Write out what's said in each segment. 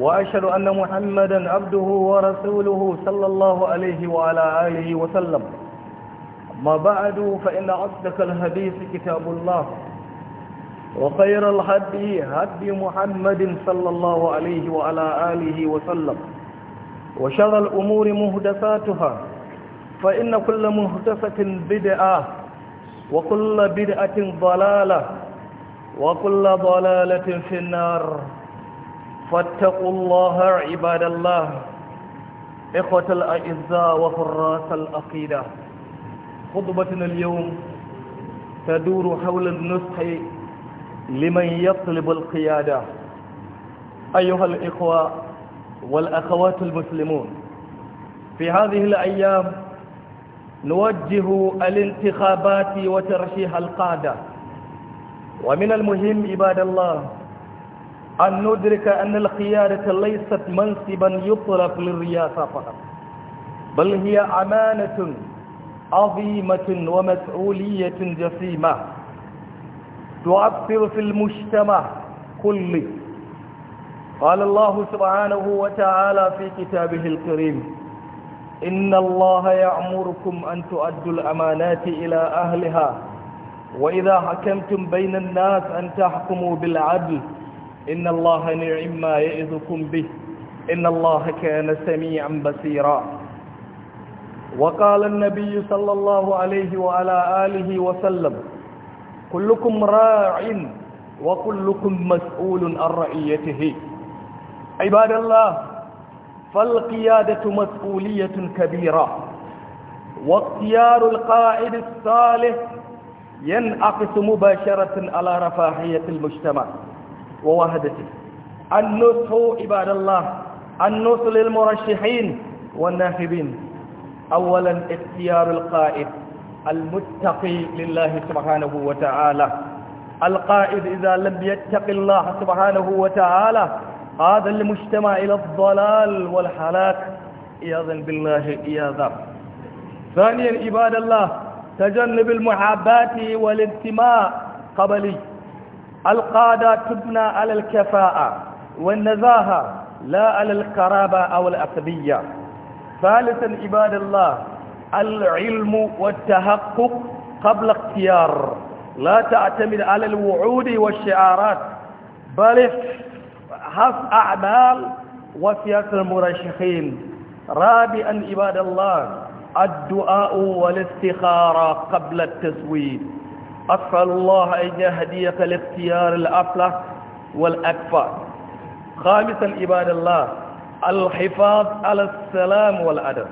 وأشهد أن محمدا عبده ورسوله صلى الله عليه وعلى آله وسلم ما بعد فإن أصدق الحديث كتاب الله وخير الحدي هدي محمد صلى الله عليه وعلى آله وسلم وشر الأمور مهدساتها فإن كل مهدسة بدعة وكل بدعة ضلالة وكل ضلالة في النار فاتقوا الله عباد الله إخوة الأعزاء وفراس الأقيدة خطبتنا اليوم تدور حول النصح لمن يطلب القيادة أيها الإخوة والأخوات المسلمون في هذه الأيام نوجه الانتخابات وترشيح القادة ومن المهم عباد الله أن ندرك أن الخيارة ليست منصبا يطلق للرياسة فقط بل هي أمانة عظيمة ومسؤولية جسيمة تؤثر في المجتمع كله قال الله سبحانه وتعالى في كتابه الكريم إن الله يأمركم أن تؤدوا الأمانات إلى أهلها وإذا حكمتم بين الناس أن تحكموا بالعدل إن الله نعم ما يئذكم به إن الله كان سميعا بصيرا وقال النبي صلى الله عليه وعلى آله وسلم كلكم راع وكلكم مسؤول عن رعيته عباد الله فالقيادة مسؤولية كبيرة واختيار القائد الصالح ينعكس مباشرة على رفاهية المجتمع ووحدته النصح عباد الله النصح للمرشحين والناخبين اولا اختيار القائد المتقي لله سبحانه وتعالى القائد إذا لم يتق الله سبحانه وتعالى هذا المجتمع إلى الضلال والحلاك إياذا بالله إياذا ثانيا عباد الله تجنب المحابات والانتماء قبلي القادة تبنى على الكفاءة والنزاهة لا على القرابة أو الأسبية ثالثا عباد الله العلم والتحقق قبل اختيار لا تعتمد على الوعود والشعارات بل حف أعمال وسياسة المرشحين رابعا عباد الله الدعاء والاستخارة قبل التسويد أسأل الله أن يهديك لاختيار الأفلح والأكفى خامسا عباد الله الحفاظ على السلام والأدب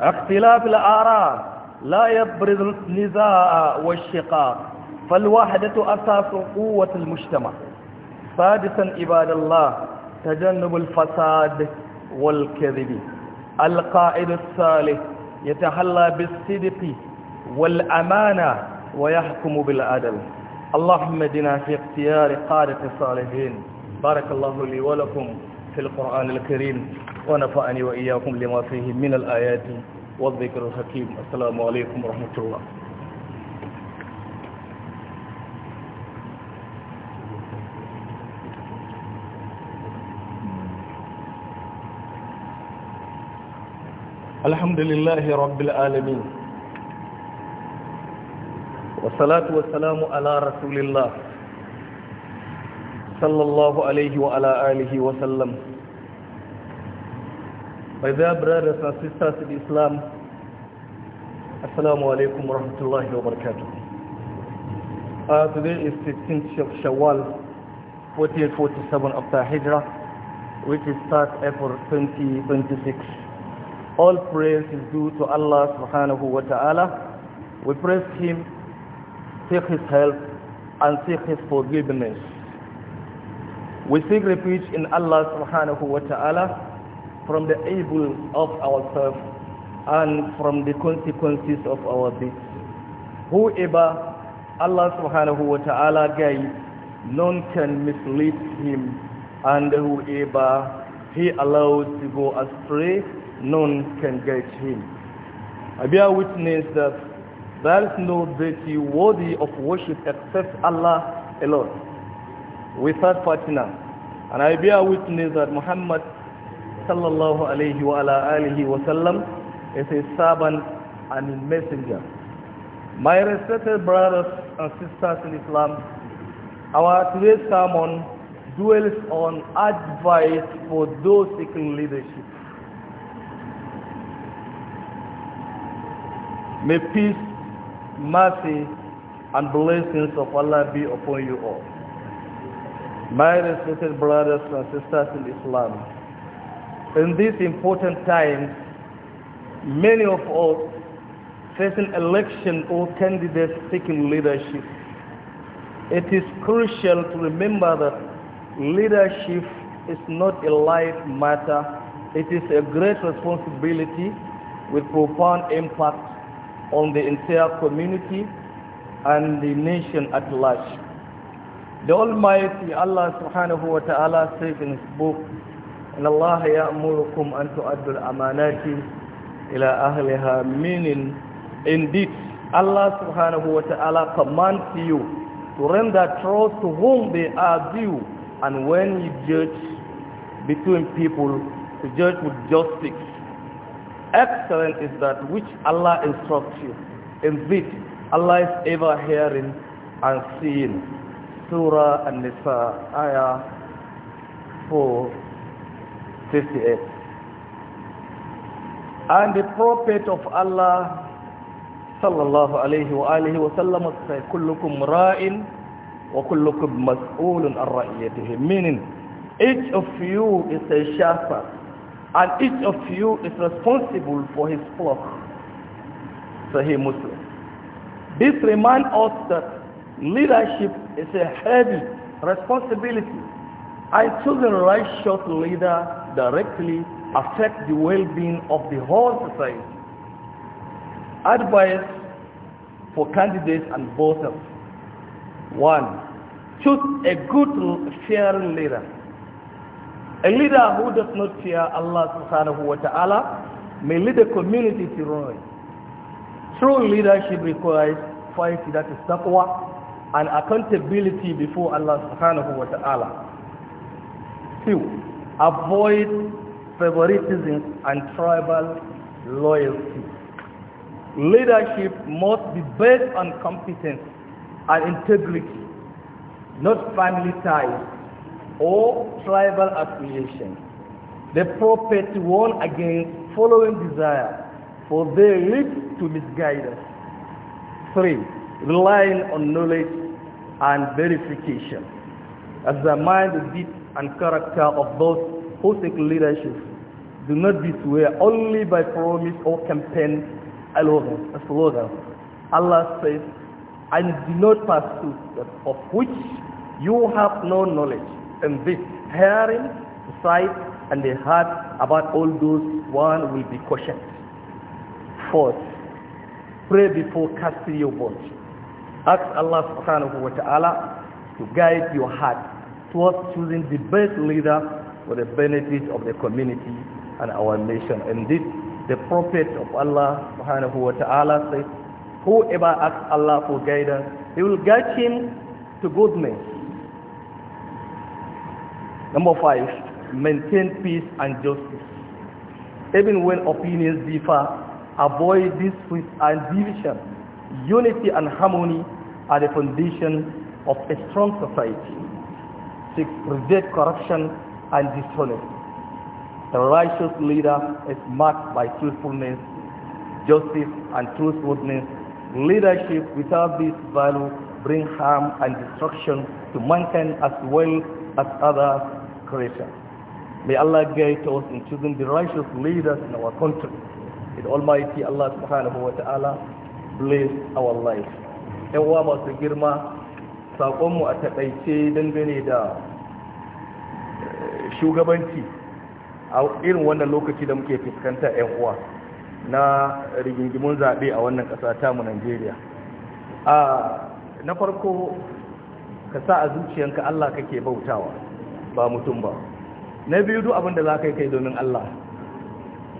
اختلاف الآراء لا يبرز النزاع والشقاق فالوحدة أساس قوة المجتمع سادسا عباد الله تجنب الفساد والكذب القائد الصالح يتحلى بالصدق والأمانة ويحكم بالعدل اللهم دنا في اختيار قادة الصالحين بارك الله لي ولكم في القرآن الكريم ونفعني وإياكم لما فيه من الآيات والذكر الحكيم السلام عليكم ورحمة الله الحمد لله رب العالمين Wasalatu wasalamu ala rasulillah! Sallallahu alaihi wa عليه alihi wa sallam. My dear brothers and sisters in Islam Assalamu alaikum wa rahmatullahi wa barakatuh uh, Today is 16th of Shawwal 1447 the Hijrah which is start April 2026 All praise is due to Allah subhanahu wa ta'ala We praise Him seek his help, and seek his forgiveness. We seek refuge in Allah subhanahu wa ta'ala from the evil of ourselves and from the consequences of our deeds. Whoever Allah subhanahu wa ta'ala guides, none can mislead him, and whoever he allows to go astray, none can guide him. I bear witness that there is no deity worthy of worship except Allah alone, without partner. And I bear witness that Muhammad sallallahu alayhi wa ala alihi wa sallam is a servant and a messenger. My respected brothers and sisters in Islam, our today's sermon dwells on advice for those seeking leadership. May peace mercy and blessings of Allah be upon you all. My respected brothers and sisters in Islam, in these important times, many of us facing election or candidates seeking leadership. It is crucial to remember that leadership is not a light matter. It is a great responsibility with profound impact on the entire community and the nation at large. The Almighty Allah subhanahu wa ta'ala says in His book, إن الله يأمركم أن تؤدوا الأمانات إلى أهلها meaning indeed Allah subhanahu wa ta'ala commands you to render trust to whom they are due and when you judge between people to judge with justice Excellent is that which Allah instructs you. In this, Allah is ever hearing and seeing. Surah An-Nisa, Ayah 458. And the Prophet of Allah sallallahu alayhi wa alihi wa sallam said, Kullukum ra'in wa kullukum mas'ulun ar Meaning, each of you is a shepherd and each of you is responsible for his flock. Sahih Muslim. This reminds us that leadership is a heavy responsibility I the choosing righteous leader directly affect the well-being of the whole society. Advice for candidates and voters. One, choose a good, fair leader A leader who does not fear Allah subhanahu wa ta'ala may lead a community to ruin. True leadership requires fight that is taqwa and accountability before Allah subhanahu wa ta'ala. Two, avoid favoritism and tribal loyalty. Leadership must be based on competence and integrity, not family ties or tribal affiliation. The prophet warned against following desire, for they lead to misguidance. 3. Relying on knowledge and verification, as the mind, the and character of those who seek leadership do not be swear only by promise or campaign slogans. Allah says, and do not pursue that of which you have no knowledge in this hearing, sight, and the heart about all those one will be cautioned. Fourth, pray before casting your vote. Ask Allah subhanahu wa ta'ala to guide your heart towards choosing the best leader for the benefit of the community and our nation. And this, the prophet of Allah subhanahu wa ta'ala says, whoever asks Allah for guidance, he will guide him to goodness Number five, maintain peace and justice. Even when opinions differ, avoid disputes and division. Unity and harmony are the foundation of a strong society. Six, prevent corruption and dishonesty. A righteous leader is marked by truthfulness, justice, and truthfulness. Leadership without this value brings harm and destruction to mankind as well as others creator. May Allah guide us in choosing the righteous leaders in our country. May Almighty Allah subhanahu wa ta'ala bless our life. ‘Yan uwa masu girma, saƙonmu a taɗaice dangane da eh, shugabanci a irin wannan lokaci da muke fuskanta ƴan uwa na rigingimun zaɓe a wannan ƙasa tamu Najeriya. Ah, na farko, ka sa a zuciyanka Allah kake bautawa. ba mutum ba na biyu duk abinda da za ka yi kai domin Allah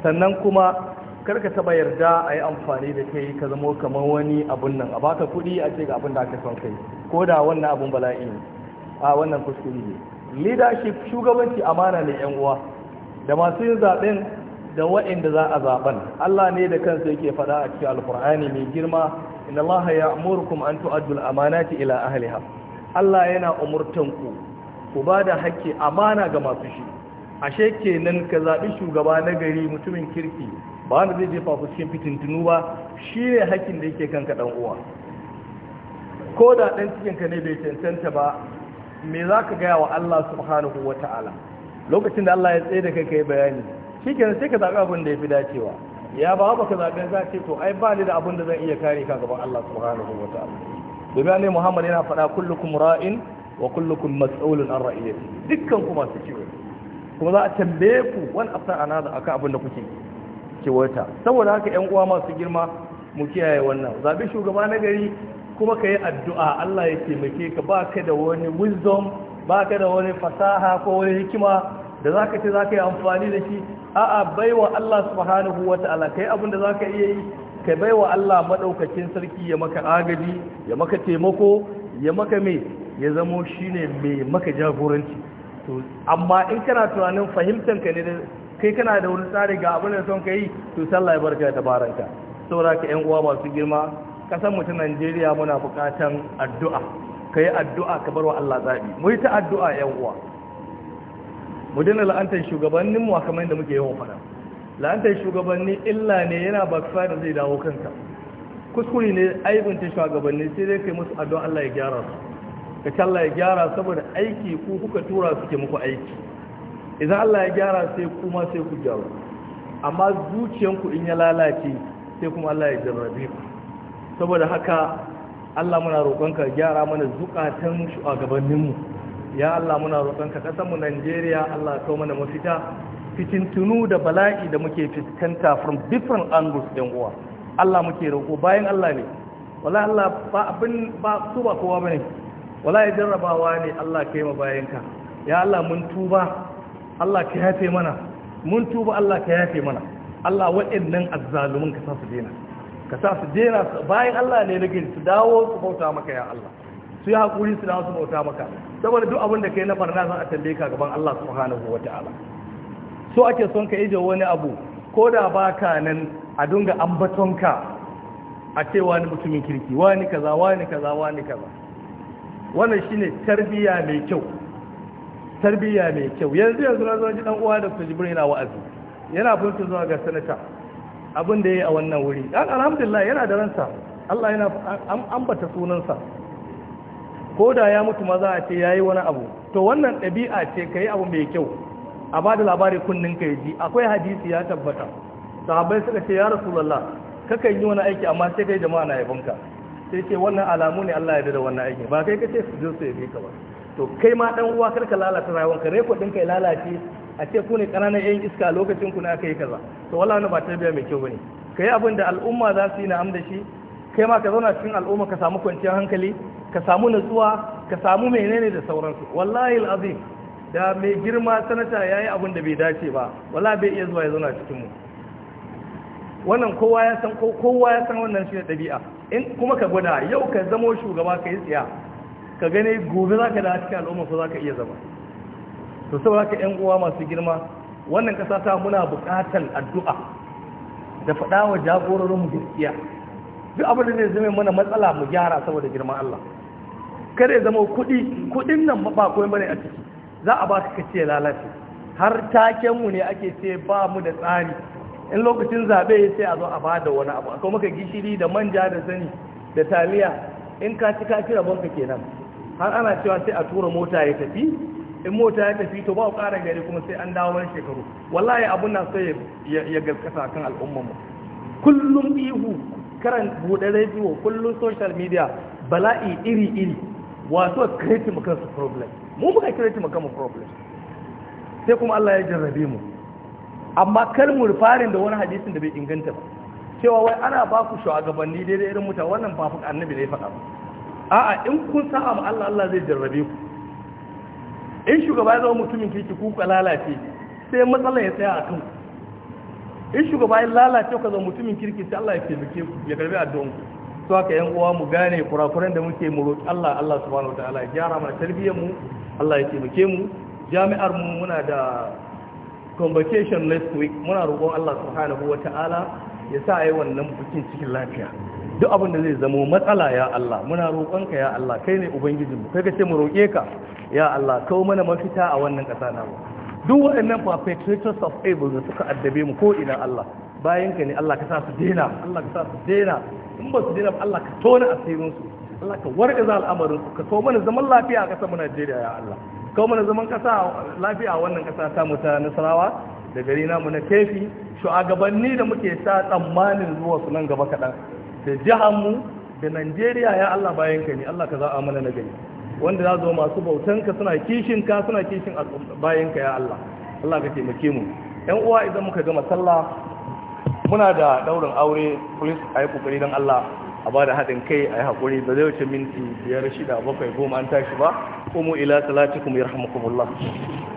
sannan kuma karka taba yarda a yi amfani da kai ka zama kamar wani abun nan a baka kuɗi a ce ga abin da aka son kai ko da wannan abun bala'i ne a wannan kuskure ne leadership shugabanci amana ne yan uwa da masu yin zaben da waɗanda za a zaben Allah ne da kansa yake faɗa a cikin alkur'ani mai girma inna Allah ya'murukum an tu'addu al-amanati ila ahliha Allah yana ku. ku ba da hakki amana ga masu shi ashe nan ka zaɓi shugaba na gari mutumin kirki ba wanda zai jefa ku cikin fitintunu ba shi ne haƙƙin da yake kanka ɗan uwa ko da ɗan ka ne bai cancanta ba me za ka gaya wa Allah subhanahu wa ta'ala lokacin da Allah ya tsaye da kai kai bayani shi kenan sai ka zaɓi abin da ya fi dacewa ya ba ba ka zaɓi za ce to ai ba ni da abin da zan iya kare ka gaban Allah subhanahu wa ta'ala domin ne Muhammad yana faɗa kullukum ra'in wa kullukum mas'ulun an ra'iyati dukkan ku masu ciwo kuma za a tambaye ku wani after another akan abin da kuke kiwata saboda haka ƴan uwa masu girma mu kiyaye wannan zabi shugaba na gari kuma ka yi addu'a Allah ya taimake ka ba ka da wani wisdom ba ka da wani fasaha ko wani hikima da za ka ce za ka yi amfani da shi a'a baiwa Allah subhanahu wa ta'ala ka yi abin da za ka iya yi ka baiwa Allah maɗaukakin sarki ya maka agaji ya maka taimako ya maka mai ya zamo shine mai maka jagoranci to amma in kana tunanin fahimtar ka ne da kai kana da wani tsari ga abin da son ka yi to sallah ya barka da baranka saboda ka yan uwa masu girma kasan mu ta Najeriya muna bukatan addu'a ka yi addu'a ka bar wa Allah zaɓi mu yi ta addu'a yan uwa mu dina la'antar shugabannin mu kamar yadda muke yawan faɗa la'antar shugabanni illa ne yana bakfa da zai dawo kanka kuskure ne aibinta shugabanni sai dai kai musu addu'a Allah ya gyara su ka ci Allah ya gyara saboda aiki ku kuka tura suke muku aiki idan Allah ya gyara sai kuma sai ku gyara. amma zuciyanku in ya lalace sai kuma Allah ya jarrabe ku saboda haka Allah muna roƙon ka gyara mana zukatan shugabanninmu ya Allah muna roƙon ka kasar mu Najeriya Allah kawo mana mafita tunu da bala'i da muke fuskanta from different angles din uwa Allah muke roƙo bayan Allah ne wala Allah ba abin ba su ba kowa bane Wala ya jarrabawa ne Allah ka yi ma bayanka ya Allah mun tuba Allah ka yafe mana mun tuba Allah ka yafe mana Allah wa'annan azzalumin ka sa su dena ka sa su dena bayan Allah ne nake su dawo su bauta maka ya Allah su yi hakuri su dawo su bauta maka saboda duk abin da kai na barna zan a ka gaban Allah subhanahu wataala so ake son ka ije wani abu ko da baka nan a dunga ambatonka a cewa ni mutumin kirki wani kaza wani kaza wani kaza wannan ne tarbiya mai kyau tarbiya mai kyau yanzu yanzu na zuwa ji uwa da kujibir yana wa'azi yana bunta zuwa ga sanata abin da ya yi a wannan wuri dan alhamdulillah yana da ransa Allah yana ambata sunansa ko da ya mutu ma za a ce ya yi wani abu to wannan ɗabi'a ce ka yi abu mai kyau a ba da labari kunnin ka ji akwai hadisi ya tabbata sahabbai suka ce ya rasulallah kakan yi wani aiki amma sai kai jama'a na yabonka sai ce wannan alamu ne Allah ya yarda da wannan aiki ba kai kace su je su yi ka ba to kai ma dan uwa karka lalata rayuwar ka rekod ɗin ka lalace a ce ku ne ƙananan yan iska a lokacin ku na aka yi kaza to wallahi ba tarbiya mai kyau bane kai abin da al'umma za su yi na amda shi kai ma ka zauna cikin al'umma ka samu kwanciyar hankali ka samu natsuwa ka samu menene da sauransu wallahi al'azim da mai girma sanata ya yi abin da bai dace ba wala bai iya zuwa ya zauna cikinmu wannan kowa ya san kowa ya san wannan shi da ɗabi'a in kuma ka gwada yau ka zamo shugaba ka yi tsiya ka gane gobe za ka da cikin al'umma ko za ka iya zama to saboda ka yan uwa masu girma wannan kasa ta muna buƙatar addu'a da faɗa wa jagororin gaskiya duk abin da zai zama mana matsala mu gyara saboda girman Allah kada ya zama kuɗi kuɗin nan ba komai bane a ciki za a baka kace lalace har taken mu ne ake ce ba mu da tsari in lokacin zaɓe sai a zo a ba da wani abu akwai maka gishiri da manja da zani da taliya in ka ci ka rabonka kenan har ana cewa sai a tura mota ya tafi in mota ya tafi to ba ku ƙara gari kuma sai an dawo wani shekaru wallahi abun na sai ya gaskata kan al'ummar mu kullum ihu karan buɗe rediyo kullum social media bala'i iri iri wato creative mu kansu problem mu muka creative mu kanmu problem sai kuma Allah ya jarrabe mu amma kalmur farin da wani hadisin da bai inganta ba cewa wai ana ba ku shugabanni daidai irin mutane wannan ba fuka annabi ne faɗa ba a'a in kun sa amma Allah Allah zai jarrabe ku in shugaba ya zama mutumin kirki ku ka lalace sai matsalar ya tsaya a kan in shugaba ya lalace ku zama mutumin kirki sai Allah ya taimake ku ya karbi addu'an ku to haka yan uwa mu gane kurakuran da muke mu roki Allah Allah subhanahu wataala ya gyara mana tarbiyyar mu Allah ya taimake mu jami'ar mu muna da convocation next week muna roƙon Allah subhanahu wata'ala ya sa ai wannan bikin cikin lafiya duk abin da zai zamo matsala ya Allah muna roƙonka ya Allah kai ne ubangijinmu kai ka ce mu roƙe ka ya Allah kawo mana mafita a wannan ƙasa mu duk waɗannan perpetrators of evil da suka addabe mu ko ina Allah bayan ka ne Allah ka sa su daina Allah ka sa su daina in ba su daina Allah ka tona asirin su Allah ka warga za al'amarin su ka kawo mana zaman lafiya a ƙasar mu Najeriya ya Allah kawo mana zaman kasa lafiya a wannan kasa ta na nasarawa da gari namu na kefi shugabanni da muke sa tsammanin zuwa su nan gaba kaɗan da jihanmu da najeriya ya allah bayan ka allah ka za a mana na gari wanda za zo masu bautanka suna kishin ka suna kishin bayan ka ya allah allah ka taimake mu yan uwa idan muka gama sallah muna da ɗaurin aure please a yi kokari don allah a ba da haɗin kai a yi haƙuri ba zai wuce minti biyar shida bakwai goma an tashi ba kuma ila salati kuma yarhamukumullah